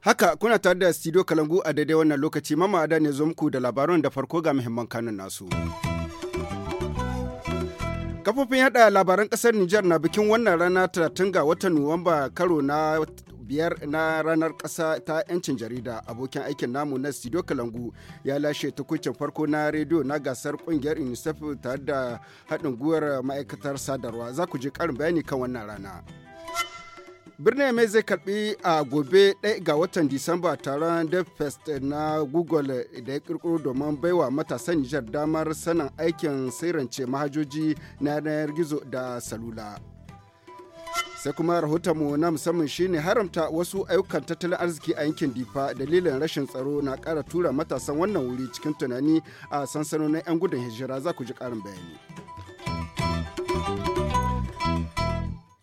Haka kuna tare da studio Kalangu a daidai wannan lokaci mama ada ne zo muku da labaran da farko ga muhimman kanun nasu. Kafofin yada labaran kasar Nijar na bikin wannan rana 30 ga watan Nuwamba karo na biyar na ranar ƙasa ta 'yancin jarida abokin aikin namu na studio kalangu ya lashe tukucin farko na rediyo na gasar ƙungiyar unicef tare da haɗin guwar ma'aikatar sadarwa za ku je karin bayani kan wannan rana. birnin mai zai karbi a gobe 1 ga watan disamba taron devfest na google da ya kirkiro domin baiwa matasan nijar damar sanin aikin sirance mahajoji na yanar gizo da salula. sai kuma rahoton mu na musamman shine haramta wasu ayyukan tattalin arziki a yankin difa dalilin rashin tsaro na kara tura matasan wannan wuri cikin tunani a sansanonin 'yan gudun hijira za ku ji karin bayani.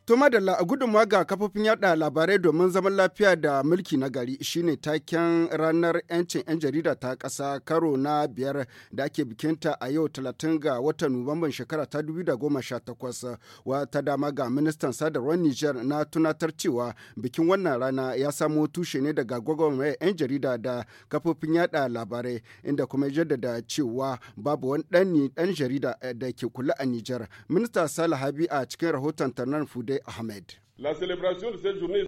To madalla a gudunmawa ga kafofin yada labarai domin zaman lafiya da mulki na gari shine taken ranar 'yancin 'yan jarida ta kasa karo na biyar da ake bikinta a yau 30 ga watan Nuwamban shekara ta 2018 wata dama ga ministan sadarwar Nijar na tunatar cewa bikin wannan rana ya samo tushe ne daga gwagwarmayar 'yan jarida da kafofin yada labarai inda kuma jaddada cewa babu wani ɗan jarida eh, da ke kula a Nijar. Minista Salahabi a cikin rahoton Tarnan Fude Ahmed.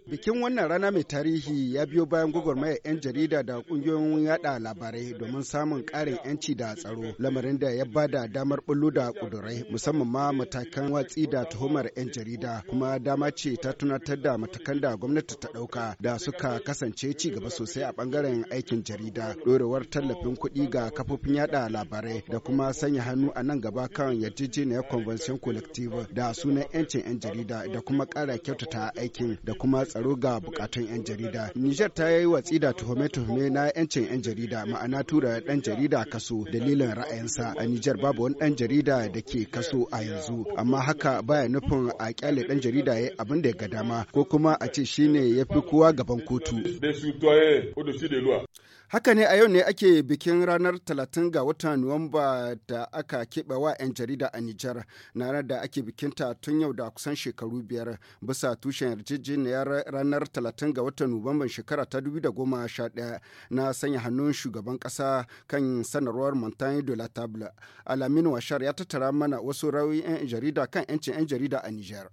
Bikin wannan rana mai tarihi ya biyo bayan gwagwarmayar 'yan jarida da kungiyoyin yada labarai domin samun karin 'yanci da tsaro lamarin da ya bada damar bullo da kudurai musamman ma matakan watsi da tuhumar 'yan jarida kuma dama ce ta tunatar da matakan da gwamnati ta dauka da suka kasance ci gaba sosai a bangaren aikin jarida dorewar tallafin kuɗi ga kafofin yada labarai da kuma sanya hannu a nan gaba kan yarjejeniyar convention collective da sunan 'yancin 'yan jarida da kuma kara kyautar kyautata aikin da kuma tsaro ga bukatun 'yan jarida. Nijar ta yi watsi da tuhume-tuhume na 'yancin 'yan jarida ma'ana tura ɗan jarida kaso dalilin ra'ayinsa a Nijar babu wani ɗan jarida da ke kaso a yanzu amma haka baya nufin a kyale ɗan jarida ya abin da ya ga dama ko kuma a ce shine ya fi kowa gaban kotu. Haka ne a yau ne ake bikin ranar 30 ga watan Nuwamba da aka keɓe wa 'yan jarida a Nijar, ranar da ake bikinta tun yau da kusan shekaru biyar bisa tushen yarjejeniyar ranar 30 ga watan Nuwamban shekara ta 2011 na sanya hannun shugaban ƙasa kan sanarwar Montaigne de la Table. Alamin Washar ya tattara mana wasu rauyi 'yan jarida kan 'yancin 'yan jarida a Nijar.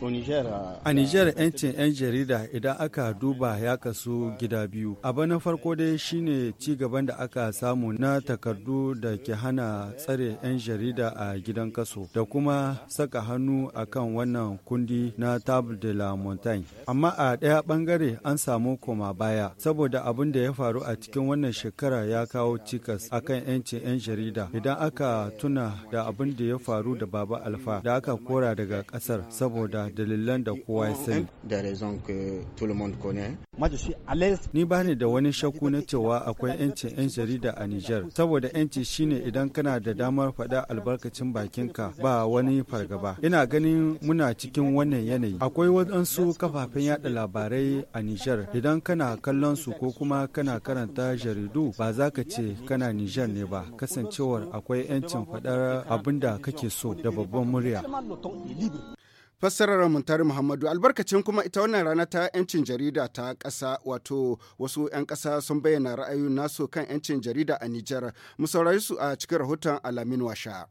A Nijar 'yancin 'yan jarida idan aka duba ya kasu gida biyu. Abu na farko dai shine ci gaban da aka samu na takardu da ke hana tsare 'yan jarida a gidan kaso da kuma saka hannu akan wannan kundi na Table de la Montagne. Amma a ɗaya ɓangare an samu koma baya saboda abin da ya faru a cikin wannan shekara ya kawo cikas akan 'yancin 'yan jarida idan aka tuna da abin da ya faru da Baba Alfa da aka kora daga kasar saboda dalilan da kowa ya sani. Ni ba ni da wani shakku na cewa akwai 'yancin 'yan jarida a Nijar, saboda 'yanci shine idan kana da damar faɗa albarkacin bakinka ba wani fargaba. Ina ganin muna cikin wannan yanayi. Akwai waɗansu kafafen yada labarai a Nijar, idan kana kallon su ko kuma kana karanta jaridu ba za ka ce kana Nijar ne ba, kasancewar akwai 'yancin faɗar abin da kake so da babban murya. fassarar muntari muhammadu albarkacin kuma ita wannan rana ta yancin jarida ta ƙasa wato wasu 'yan ƙasa sun bayyana ra'ayoyin nasu kan yancin jarida a nijar mu saurari su a cikin rahoton alamin washa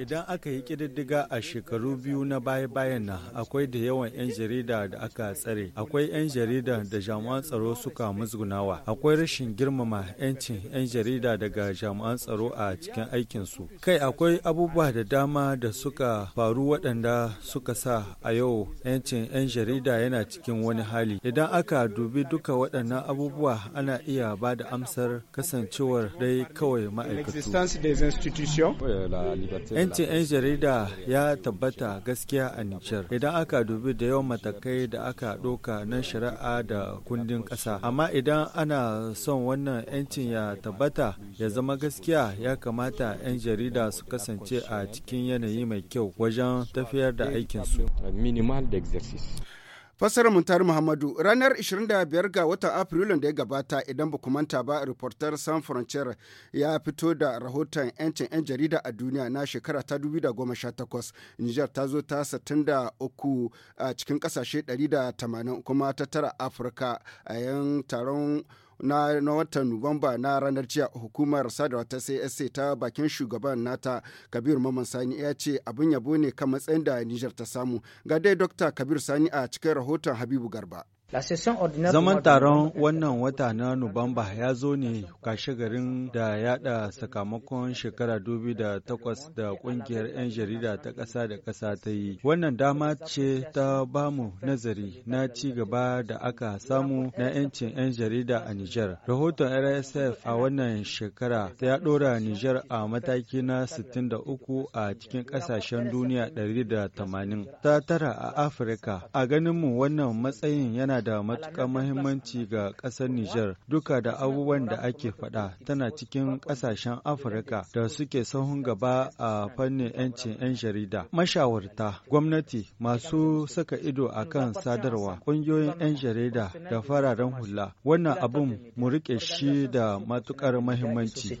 idan aka yi ƙididdiga a shekaru biyu na baya bayan nan akwai da yawan 'yan jarida da aka tsare akwai 'yan jarida da jami'an tsaro suka musgunawa akwai rashin girmama 'yancin 'yan jarida daga jami'an tsaro a cikin aikinsu kai akwai abubuwa da dama da suka faru waɗanda suka sa a yau 'yancin 'yan jarida yana cikin wani hali. Idan aka dubi duka waɗannan abubuwa ana iya ba da amsar kasancewar dai kawai ma'aikatu. Euh, 'Yancin 'yan jarida ya tabbata gaskiya a Nijar. Idan aka dubi da yawan matakai da aka ɗoka na shari'a da kundin ƙasa. Amma idan ana son wannan 'yancin ya tabbata ya zama gaskiya ya kamata 'yan jarida su kasance a cikin yanayi mai kyau wajen tafiyar da aiki. aikinsu. Minimal da Fassarar Muhammadu ranar 25 ga watan Afrilun da ya gabata idan ba manta ba reporter San Frontier ya fito da rahoton 'yancin 'yan jarida a duniya na shekara ta 2018. Nijar ta zo ta 63 a cikin kasashe 180 kuma ta tara Afirka a yan taron na, na watan Nuwamba na ranar jiya hukumar sadarwa ta CSA ta bakin shugaban nata Kabir Maman Sani ya ce abin yabo ne kan matsayin da Nijar ta samu. Ga dai Dr. Kabir Sani a cikin rahoton Habibu Garba. Zaman taron wannan wata na Nuwamba ya zo ne kashe garin da yada sakamakon shekara dubi da takwas da kungiyar 'yan jarida ta ƙasa da ƙasa ta yi. Wannan dama ce ta bamu nazari na ci gaba da aka samu na 'yancin 'yan jarida a Nijar. Rahoton RSF a wannan shekara ya ɗora Nijar a mataki na 63 a cikin ƙasashen duniya 180 ta tara a Afirka. A ganinmu wannan matsayin yana yana da matuƙar muhimmanci ga ƙasar Nijar duka da abubuwan da ake faɗa tana cikin ƙasashen Afirka da suke sahun gaba a fannin 'yancin 'yan jarida. Mashawarta, gwamnati, masu saka ido a kan sadarwa, ƙungiyoyin 'yan jarida da fararen hula. Wannan abun mu riƙe shi da matuƙar muhimmanci.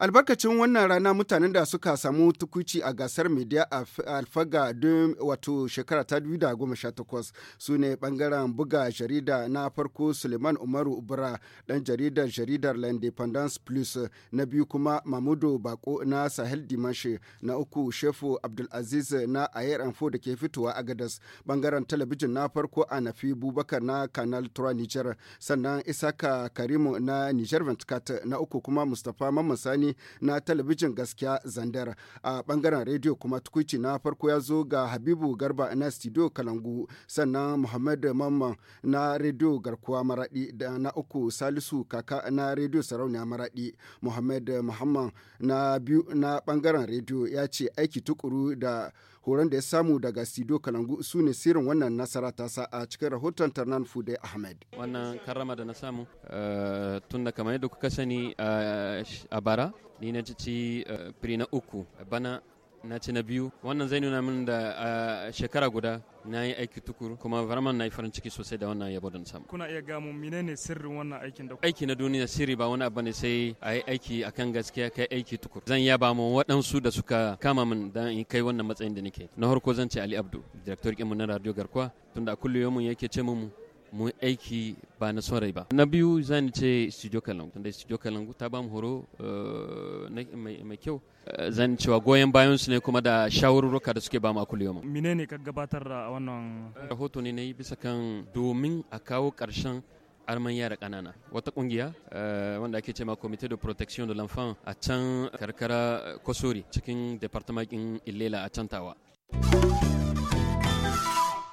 albarkacin wannan rana mutanen da suka samu tukuci a gasar media alfaga don wato shekara ta 2018 su ne bangaren buga jarida na farko suleiman umaru ubra dan jaridar jaridar independence plus na biyu kuma mamudu bako na sahel dimashi na uku shefu abdulaziz na ayer anfo da ke fitowa a gadas bangaren talabijin na farko a nafi bubakar na canal tura niger sannan isaka karimu na niger 24 na uku kuma mustapha mamman sani na talabijin gaskiya zandar a bangaren rediyo kuma tukuci na farko ya zo ga habibu garba na studio kalangu sannan muhammad mamman na rediyo garkuwa maradi da na uku salisu kaka na rediyo sarauniya maradi muhammad muhammad na biyu na bangaren rediyo ya ce aiki tukuru da horon da ya samu daga sido kalangu su ne sirrin wannan nasara ta sa a cikin rahoton tarnan fude ahmed wannan karrama da na samu eh, tun da kamar yadda kuka sani eh, a bara ni na ci eh, na uku bana na ci na biyu wannan zai nuna min da shekara guda na yi aiki tukuru kuma vraiment na yi farin ciki sosai da wannan yabo don samu kuna iya gamu menene sirrin wannan aikin da aiki na duniya sirri ba wani abu ne sai a yi aiki akan gaskiya kai aiki tukuru zan yaba mu waɗansu da suka kama min da in kai wannan matsayin da nake na farko zan ce Ali Abdu director kinmu na radio garkuwa tunda a kullum yake ce mu mu aiki ba na son rai ba na biyu zan ce studio kalangu tunda studio kalangu ta ba mu horo eh, mai kyau Eh, zan cewa goyon bayan su ne kuma da shawarruka da suke ba mu kullum. Mine ne ka gabatar a wannan rahoto ne na yi bisa kan domin a kawo ƙarshen arman yara ƙanana wata ƙungiya eh, wanda ake cema comité de protection de l'enfant a can karkara eh, kosori cikin departamentin Ilela a can tawa.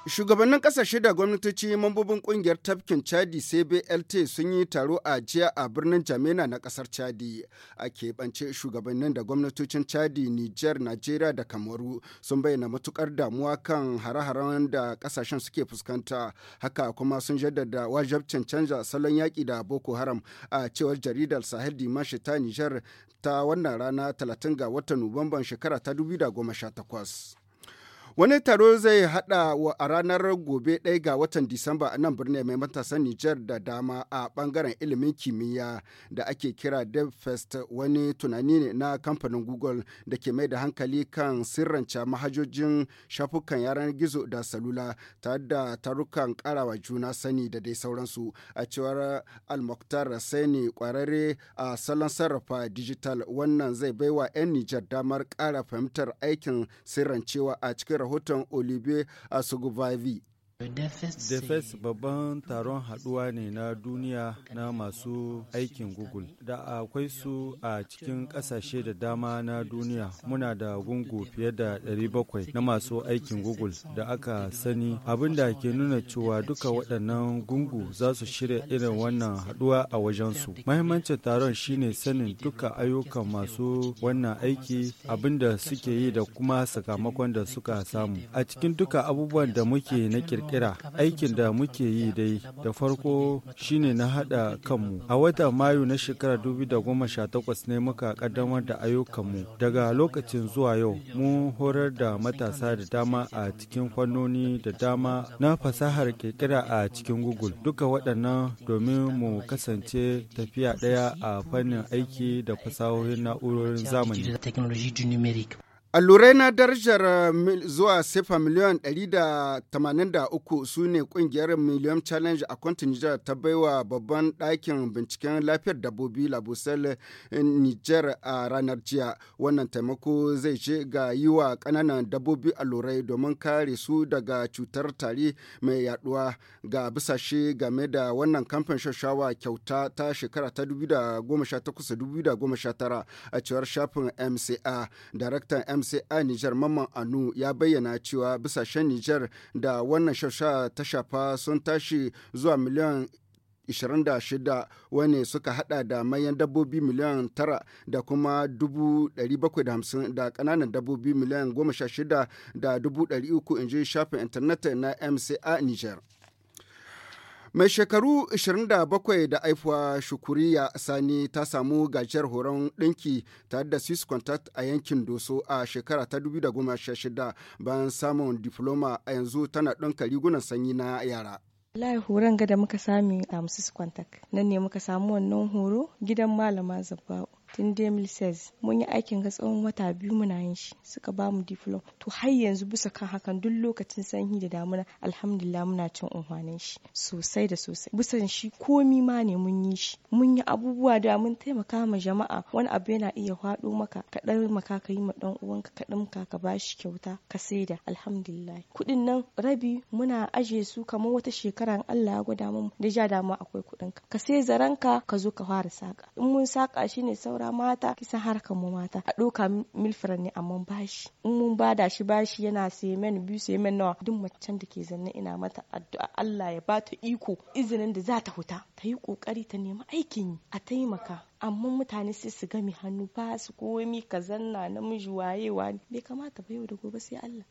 Shugabannin kasashe da gwamnatoci mambobin ƙungiyar tafkin Chadi CBLT sun yi taro a jiya a birnin Jamena na ƙasar Chadi. A keɓance shugabannin da gwamnatocin Chadi, Nijar, Najeriya da Kamaru sun bayyana matukar damuwa kan hare-haren da kasashen suke fuskanta. Haka kuma sun jaddada wajabcin canza salon yaƙi da Boko Haram a cewar jaridar Sahel Dimashi ta Nijar ta wannan rana 30 ga watan Nuwamban shekara ta 2018. Wani taro zai hada a ranar gobe ɗaya ga watan Disamba a nan birnin mai matasan Nijar da dama a bangaren ilimin kimiyya da ake kira DevFest wani tunani ne na kamfanin Google da ke mai da hankali kan sirranca mahajojin shafukan yaran gizo da salula tare da tarukan karawa juna sani da dai sauransu a cewar almoktar sai Saini kwararre a salon sarrafa digital wannan zai baiwa 'yan Nijar damar kara fahimtar aikin sirrancewa a cikin rahoton olivier asugubavi defes babban taron haɗuwa ne na duniya na masu aikin Google. Da akwai su a cikin ƙasashe da dama na duniya. Muna da gungu fiye da 700 na masu aikin Google da aka sani. Abin da ke nuna cewa duka waɗannan gungu za su shirya irin wannan haɗuwa a wajensu. Mahimmancin taron shine sanin duka ayyukan masu wannan aiki abin da suke yi da kuma sakamakon da suka samu. A cikin duka abubuwan da muke na kirkira kira aikin da muke yi dai da farko shine na hada kanmu a watan mayu na shekarar takwas ne muka kaddamar da ayyukanmu daga lokacin zuwa yau mu horar da matasa da dama a cikin fannoni da dama na fasahar kira a cikin google duka waɗannan domin mu kasance tafiya ɗaya a fannin aiki da fasahohin na'urorin zamani allurai na darajar zuwa sefa miliyan 183 su ne kungiyar miliyan challenge a kwantin nijar ta baiwa babban ɗakin binciken lafiyar dabbobi labusel nijar a ranar jiya wannan taimako zai ce ga yi wa ƙananan dabbobi allurai domin kare su daga cutar tari mai yaduwa ga bisashe game da wannan kamfan shashawa kyauta ta shekara ta 2018-2019 a cewar shafin mca daraktan MCI niger Mamman Anu ya bayyana cewa bisashen niger da wannan shasha ta shafa sun tashi zuwa miliyan 26 wani suka hada da manyan dabbobi miliyan 9 da kuma 750 da kananan dabbobi miliyan 16 da 300 inji shafin intanet na MCI niger. Mai shekaru 27 da aifuwa Shukuriya Sani ta samu gajiyar horon ɗinki tare da Swiss Contact a yankin Doso a shekara ta 2016 bayan samun diploma a yanzu tana ɗinka rigunan sanyi na yara. Lai horon gada muka sami a um, swiss contact nan ne muka samu wannan horo gidan malama zabba'u tun 2016 mun yi aikin ga tsawon wata biyu muna yin shi suka ba mu diplom to har yanzu bisa kan hakan duk lokacin sanyi da damuna alhamdulillah muna cin unhwanin shi sosai da sosai bisa shi komi ma ne mun yi shi mun yi abubuwa da mun taimaka ma jama'a wani abu yana iya faɗo maka ka ɗan maka ka yi ma ɗan uwanka ka ɗinka ka ba shi kyauta ka saida alhamdulillah kuɗin nan rabi muna ajiye su kamar wata shekara Allah ya gwada mu da ja dama akwai kuɗin ka ka sai zaranka ka zo ka fara saka in mun saka shi ne saura mata kisan harkar mu mata a doka milfiran ne amma bashi in mun bada shi bashi yana semen biyu semen nawa duk macen da ke zanne ina mata addu'a Allah ya bata iko izinin da za ta huta ta yi kokari ta nemi aikin yi a taimaka amma mutane sai su gami hannu ba su komi ka zanna namiji wayewa bai kamata ba yau da gobe sai Allah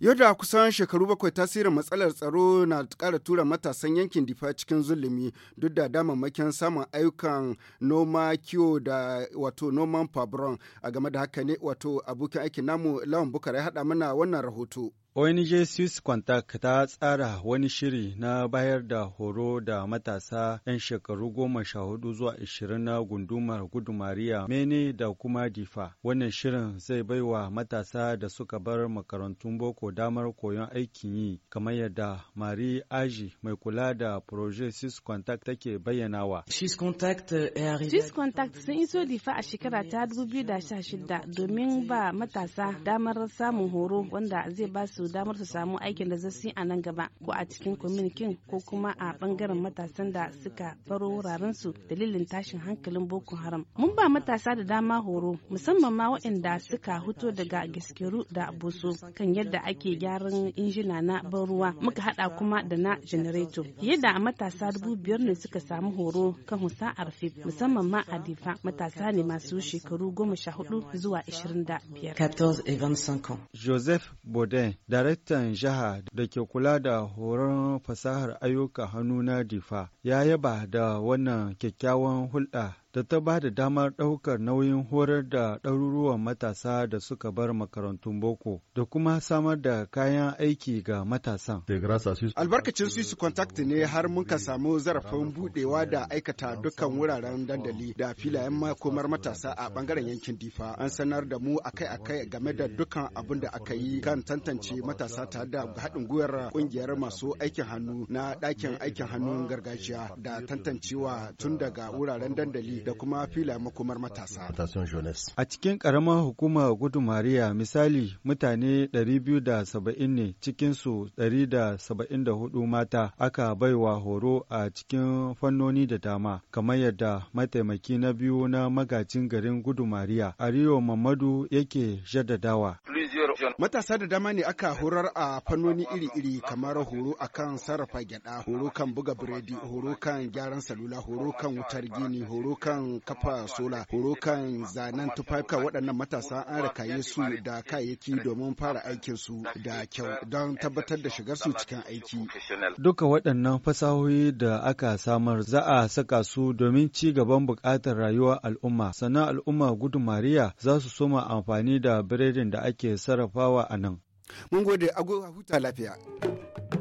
Yau da kusan shekaru bakwai tasirin matsalar tsaro na kara tura matasan yankin difa cikin zulumi duk da damammakin samun ayyukan noma kiwo da wato noman fabron a game da haka ne wato abokin aikin namu lawan bukar ya haɗa mana wannan rahoto. ONG Swiss Contact ta tsara wani shiri na bayar da horo da matasa 'yan shekaru goma sha hudu zuwa ashirin na gundumar gudumariya mene da kuma difa. Wannan shirin zai baiwa matasa da suka bar makarantun boko damar koyon aikin yi, kamar yadda Mari Aji mai kula da Proje Swiss Contact take bayyanawa. Swiss Contact sun iso difa a shekara ta 2016 domin ba matasa damar samun horo wanda zai ba su su damar su samu aikin da zasu a nan gaba ko a cikin kwaminikin ko kuma a bangaren matasan da suka baro wuraren su dalilin tashin hankalin boko haram mun ba matasa da dama horo musamman ma waɗanda suka huto daga gaskeru da boso kan yadda ake gyaran injina na ban ruwa muka hada kuma da na janareto fiye da matasa dubu biyar ne suka samu horo kan husa arfi musamman ma a difa matasa ne masu shekaru goma sha hudu zuwa ashirin da biyar. Joseph Baudin daraktan jiha da ke kula da horon fasahar ayyuka hannu na difa ya yaba da wannan kyakkyawan hulɗa da ta ba da damar ɗaukar nauyin horar da ɗaruruwan matasa da suka bar makarantun boko da kuma samar da kayan aiki ga matasan. Albarkacin Swiss Contact ne har muka samu zarafin buɗewa da aikata dukkan wuraren dandali da filayen makomar matasa a bangaren yankin Difa. An sanar da mu akai-akai game da dukkan abin da aka yi kan tantance matasa ta da haɗin gwiwar ƙungiyar masu aikin hannu na ɗakin aikin hannun gargajiya da tantancewa tun daga wuraren dandali da kuma fila makomar matasa. A cikin ƙaramar hukumar Gudu Mariya misali mutane 270 ne cikinsu 174 mata aka baiwa horo a cikin fannoni da dama kamar yadda mataimaki na biyu na magajin garin Gudu Mariya Ariyo Mamadu yake jaddadawa. Matasa da dama ne aka horar a fannoni iri-iri kamar horo akan sarrafa gyada, horo kan buga biredi, horo kan gyaran salula, horo kan wutar gini, horo kan kafa sola, horo kan zanen tufafi waɗannan matasa an rakaye su da kayayyaki domin fara aikin su da kyau don tabbatar da shigar su cikin aiki. Duka waɗannan fasahohi da aka samar za a saka su domin ci gaban buƙatar rayuwar al'umma, sannan al'umma gudumariya za su soma amfani da biredin da ake sarrafa karfafawa a nan. Mun gode, a huta lafiya.